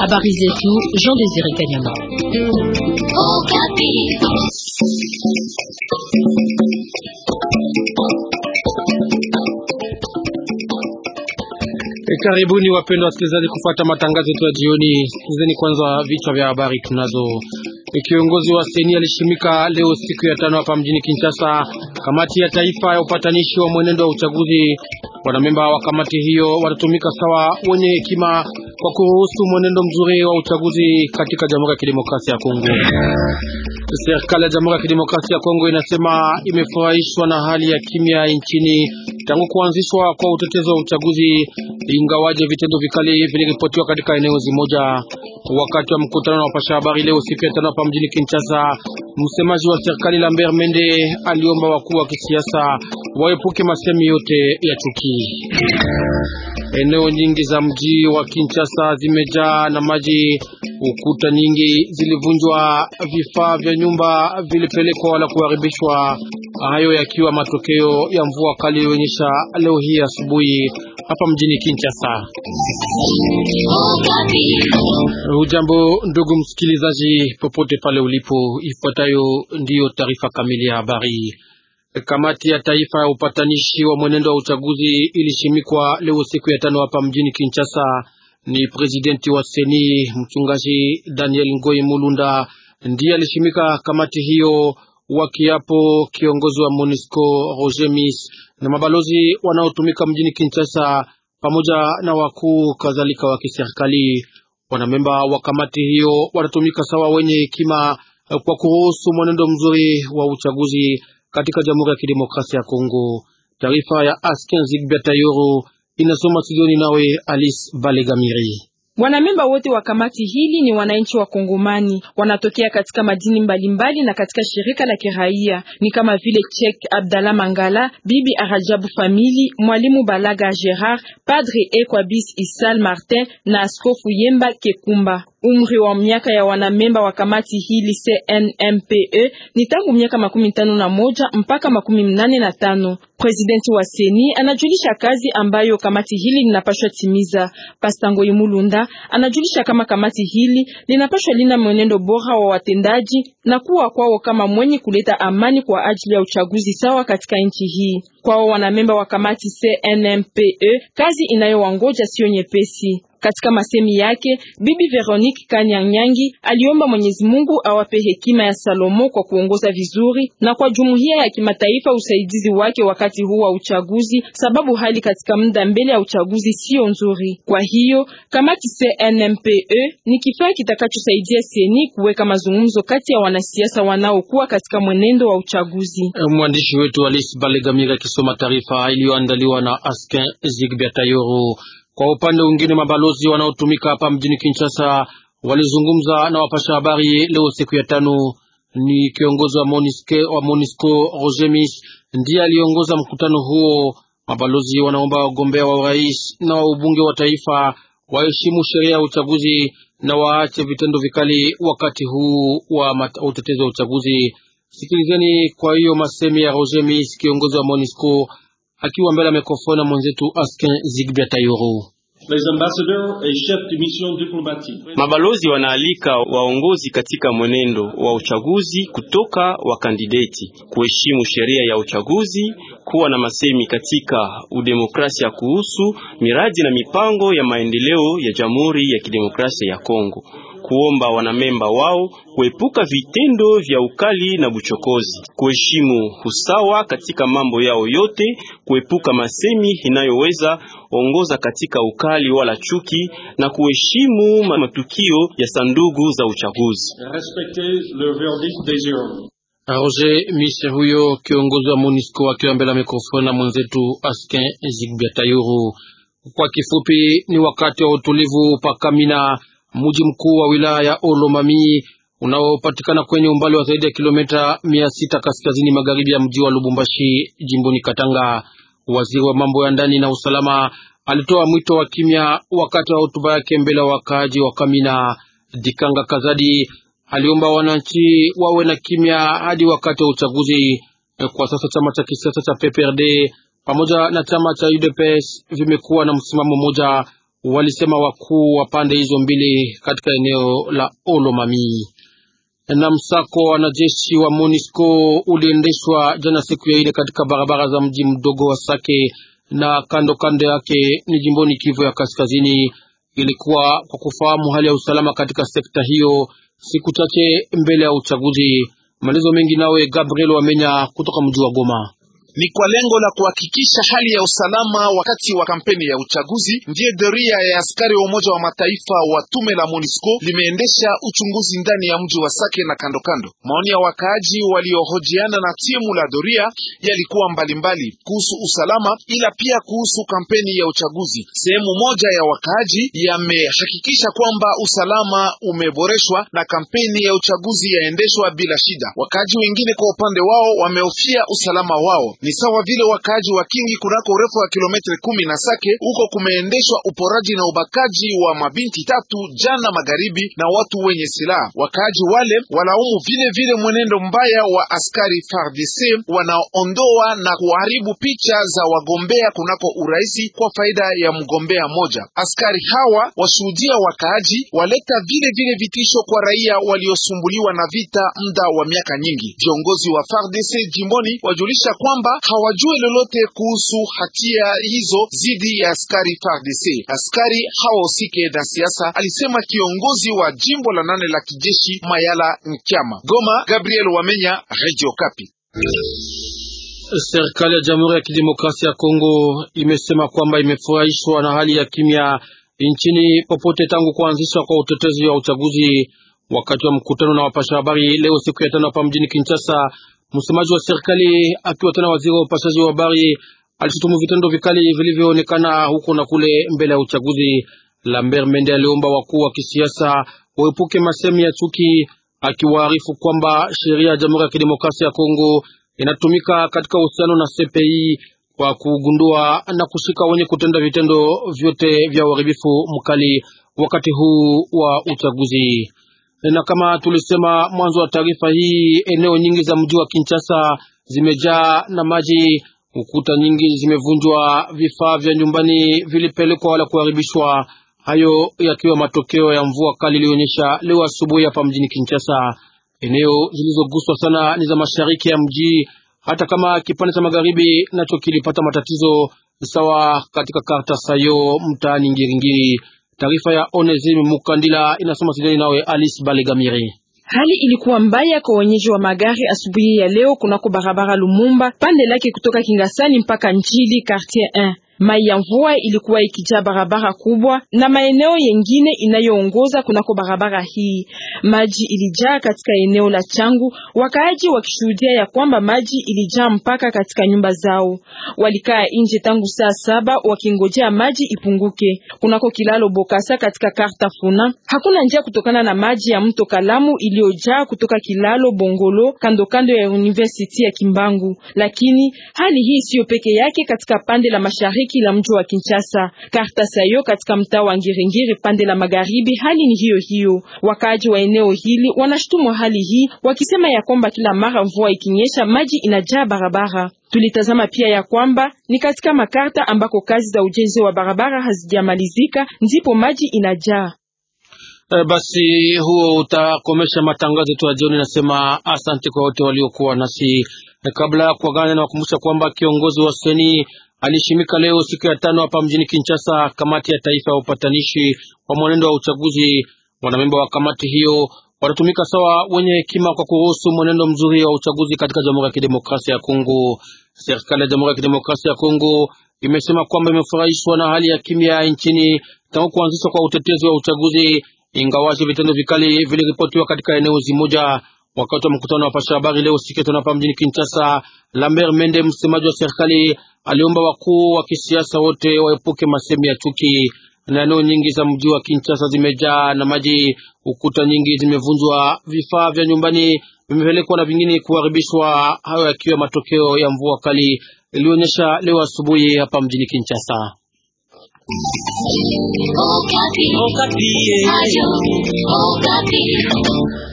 Habari zetu Jean Désiré Kanyama. E, karibuni wapendwa wasikilizaji kufuata matangazo yetu ya jioni. Sikilizeni kwanza vichwa vya habari tunazo. E, kiongozi wa seni alishimika leo siku ya tano hapa mjini Kinshasa kamati ya taifa ya upatanishi wa mwenendo wa uchaguzi Wanamemba wa kamati hiyo watatumika sawa wenye hekima kwa kuruhusu mwenendo mzuri wa uchaguzi katika Jamhuri ya Kidemokrasia ya Kongo. Serikali ya Jamhuri ya Kidemokrasia ya Kongo inasema imefurahishwa na hali ya kimya nchini tangu kuanzishwa kwa utetezo wa uchaguzi, ingawaje vitendo vikali viliripotiwa katika eneo zimoja. Wakati wa mkutano na wapasha habari leo siku ya tano hapa mjini Kinshasa, msemaji wa serikali Lambert Mende aliomba wakuu wa kisiasa waepuke masemi yote ya chuki. Eneo nyingi za mji wa Kinshasa zimejaa na maji, ukuta nyingi zilivunjwa, vifaa vya nyumba vilipelekwa wala kuharibishwa, hayo yakiwa matokeo ya mvua kali ilionyesha leo hii asubuhi hapa mjini Kinshasa. Hujambo ndugu msikilizaji, popote pale ulipo, ifuatayo ndiyo taarifa kamili ya habari. Kamati ya taifa ya upatanishi wa mwenendo wa uchaguzi ilishimikwa leo siku ya tano hapa mjini Kinshasa. Ni presidenti wa Seni mchungaji Daniel Ngoi Mulunda ndiye alishimika kamati hiyo, wakiapo kiongozi wa Monisco Rogemis na mabalozi wanaotumika mjini Kinshasa pamoja na wakuu kadhalika wa kiserikali. Wanamemba wa kamati hiyo wanatumika sawa wenye hekima kwa kuruhusu mwenendo mzuri wa uchaguzi katika Jamhuri ya Kidemokrasia ya Kongo. Taarifa ya Asken Zigbeta Yoro inasoma studioni nawe Alice Balegamiri. Wanamemba wote wa kamati hili ni wananchi wa Kongomani, wanatokea katika madini mbalimbali mbali na katika shirika la kiraia ni kama vile Chek Abdallah Mangala, Bibi Arajabu Famili, Mwalimu Balaga Gerard, Padre Ekwabis Isal Martin na Askofu Yemba Kekumba. Umri wa miaka ya wanamemba wa kamati hili CNMPE ni tangu miaka makumi tano na moja mpaka makumi mnane na tano. Presidenti wa Seni anajulisha kazi ambayo kamati hili linapashwa timiza. Pastango Imulunda anajulisha kama kamati hili linapashwa lina mwenendo bora wa watendaji na kuwa kwao kama mwenye kuleta amani kwa ajili ya uchaguzi sawa katika nchi hii. Kwao wanamemba wa kamati CNMPE, kazi inayowangoja sio nyepesi. Katika masemi yake, Bibi Veronique Kanyanyangi aliomba Mwenyezi Mungu awape hekima ya Salomo kwa kuongoza vizuri na kwa jumuiya ya kimataifa usaidizi wake wakati huu wa uchaguzi, sababu hali katika muda mbele ya uchaguzi sio nzuri. Kwa hiyo kamati CNMPE ni kifaa kitakachosaidia seni kuweka mazungumzo kati ya wanasiasa wanaokuwa katika mwenendo wa uchaguzi. Eh, mwandishi wetu Alice Balegamira akisoma taarifa iliyoandaliwa na Askin Zigbia kwa upande mwingine, mabalozi wanaotumika hapa mjini Kinshasa walizungumza na wapasha habari leo siku ya tano. Ni kiongozi wa MONUSCO wa MONUSCO Rogemis ndiye aliongoza mkutano huo. Mabalozi wanaomba wagombea wa urais na wa ubunge wa taifa waheshimu sheria ya uchaguzi na waache vitendo vikali wakati huu wa utetezi wa uchaguzi. Sikilizeni kwa hiyo masemi ya Rogemis, kiongozi wa Monisco akiwa mbele ya mikrofoni mwenzetu Askin Zigbia Tayoro. Mabalozi wanaalika waongozi katika mwenendo wa uchaguzi kutoka wakandideti kuheshimu sheria ya uchaguzi, kuwa na masemi katika udemokrasia kuhusu miradi na mipango ya maendeleo ya Jamhuri ya Kidemokrasia ya Kongo kuomba wanamemba wao kuepuka vitendo vya ukali na buchokozi, kuheshimu usawa katika mambo yao yote, kuepuka masemi inayoweza ongoza katika ukali wala chuki, na kuheshimu matukio ya sandugu za uchaguzi. Roger Michel huyo kiongozi wa MONUSCO akiwa mbele ya mikrofoni na mwenzetu Askin Zigbiatayuru. Kwa kifupi, ni wakati wa utulivu pa Kamina mji mkuu wa wilaya ya Olomami unaopatikana kwenye umbali wa zaidi ya kilomita mia sita kaskazini magharibi ya mji wa Lubumbashi jimboni Katanga. Waziri wa mambo ya ndani na usalama alitoa mwito wa kimya wakati wa hotuba yake mbele wakaaji wa Kamina. Dikanga Kazadi aliomba wananchi wawe na kimya hadi wakati wa uchaguzi. Kwa sasa chama cha kisiasa cha PPRD pamoja na chama cha UDPS vimekuwa na msimamo mmoja walisema wakuu wa pande hizo mbili katika eneo la Olomami. Na msako wa wanajeshi wa MONUSCO uliendeshwa jana siku ya ine katika barabara za mji mdogo wa Sake na kando kando yake ni jimboni Kivu ya Kaskazini. Ilikuwa kwa kufahamu hali ya usalama katika sekta hiyo siku chache mbele ya uchaguzi. Maelezo mengi nawe Gabriel Wamenya kutoka mji wa Goma ni kwa lengo la kuhakikisha hali ya usalama wakati wa kampeni ya uchaguzi. Ndiye doria ya askari wa Umoja wa Mataifa wa tume la MONUSCO limeendesha uchunguzi ndani ya mji wa Sake na kando kando. Maoni ya wakaaji waliohojiana na timu la doria yalikuwa mbalimbali kuhusu usalama, ila pia kuhusu kampeni ya uchaguzi. Sehemu moja ya wakaaji yamehakikisha kwamba usalama umeboreshwa na kampeni ya uchaguzi yaendeshwa bila shida. Wakaaji wengine kwa upande wao wamehofia usalama wao. Ni sawa vile wakaaji wa Kingi kunako urefu wa kilometre kumi na Sake, huko kumeendeshwa uporaji na ubakaji wa mabinti tatu jana magharibi na watu wenye silaha. Wakaaji wale walaumu vile vile mwenendo mbaya wa askari FARDC wanaondoa na kuharibu picha za wagombea kunako uraisi kwa faida ya mgombea moja. Askari hawa washuhudia wakaaji waleta vile vile vitisho kwa raia waliosumbuliwa na vita muda wa miaka nyingi. Viongozi wa FARDC jimboni wajulisha kwamba kwamba hawajui lolote kuhusu hatia hizo dhidi ya askari FARDC. Askari hawahusike na siasa, alisema kiongozi wa jimbo la nane la kijeshi Mayala Nkyama. Goma, Gabriel Wamenya, Radio Kapi. Serikali ya Jamhuri ya Kidemokrasia ya Kongo imesema kwamba imefurahishwa na hali ya kimya nchini popote tangu kuanzishwa kwa utetezi wa uchaguzi. Wakati wa mkutano na wapasha habari leo siku ya tano hapa mjini Kinshasa, Msemaji wa serikali akiwa tena waziri wa upashaji wa habari alishutumu vitendo vikali vilivyoonekana huko na kule mbele ya uchaguzi. Lambert Mende aliomba wakuu wa kisiasa waepuke masemi ya chuki, akiwaarifu kwamba sheria ya Jamhuri ya Kidemokrasia ya Kongo inatumika katika uhusiano na CPI kwa kugundua na kushika wenye kutenda vitendo vyote vya uharibifu mkali wakati huu wa uchaguzi na kama tulisema mwanzo wa taarifa hii, eneo nyingi za mji wa Kinshasa zimejaa na maji, ukuta nyingi zimevunjwa, vifaa vya nyumbani vilipelekwa wala kuharibishwa, hayo yakiwa matokeo ya mvua kali ilionyesha leo asubuhi hapa mjini Kinshasa. Eneo zilizoguswa sana ni za mashariki ya mji, hata kama kipande cha magharibi nacho kilipata matatizo sawa, katika karta sayo mtaani Ngiringiri. Taarifa ya Onesime Mukandila inasoma sidani nawe Alice Balegamiri. Hali ilikuwa mbaya kwa wenyeji wa magari asubuhi ya leo kunako barabara Lumumba pande lake kutoka Kingasani mpaka Njili quartier 1. Mai ya mvua ilikuwa ikijaa barabara kubwa na maeneo yengine inayoongoza kunako barabara hii. Maji ilijaa katika eneo la Changu, wakaaji wakishuhudia ya kwamba maji ilijaa mpaka katika nyumba zao. Walikaa nje tangu saa saba wakingojea maji ipunguke. Kunako kilalo Bokasa katika karta Funa hakuna njia kutokana na maji ya mto Kalamu iliyojaa kutoka kilalo Bongolo kando kando ya University ya Kimbangu, lakini hali hii siyo peke yake katika pande la mashariki mashariki la mji wa Kinshasa. Karta sayo katika mtaa wa Ngiringiri pande la magharibi, hali ni hiyo hiyo. Wakaaji wa eneo hili wanashutumu hali hii wakisema ya kwamba kila mara mvua ikinyesha maji inajaa barabara. Tulitazama pia ya kwamba ni katika makarta ambako kazi za ujenzi wa barabara hazijamalizika ndipo maji inajaa. E, basi huo utakomesha matangazo yetu ya jioni. Nasema asante kwa wote waliokuwa nasi. E, kabla ya kuagana, nawakumbusha kwamba kiongozi wa seni alishimika leo siku ya tano hapa mjini Kinshasa kamati ya taifa ya upatanishi wa mwenendo wa uchaguzi. Wanamemba wa kamati hiyo watatumika sawa wenye hekima kwa kuruhusu mwenendo mzuri wa uchaguzi katika Jamhuri ya Kidemokrasia ya Kongo. Serikali ya Jamhuri ya Kidemokrasia ya Kongo imesema kwamba imefurahishwa na hali ya kimya nchini tangu kuanzishwa kwa utetezi wa uchaguzi, ingawaje vitendo vikali viliripotiwa katika eneo zimoja. Wakati wa mkutano wa pasha habari leo siku tano hapa mjini Kinshasa, Lambert Mende, msemaji wa serikali, aliomba wakuu wa kisiasa wote waepuke masemi ya chuki. Na eneo nyingi za mji wa Kinshasa zimejaa na maji, ukuta nyingi zimevunjwa, vifaa vya nyumbani vimepelekwa na vingine kuharibishwa, hayo yakiwa matokeo ya mvua kali ilionyesha leo asubuhi hapa mjini Kinshasa. Okapi. Okapi.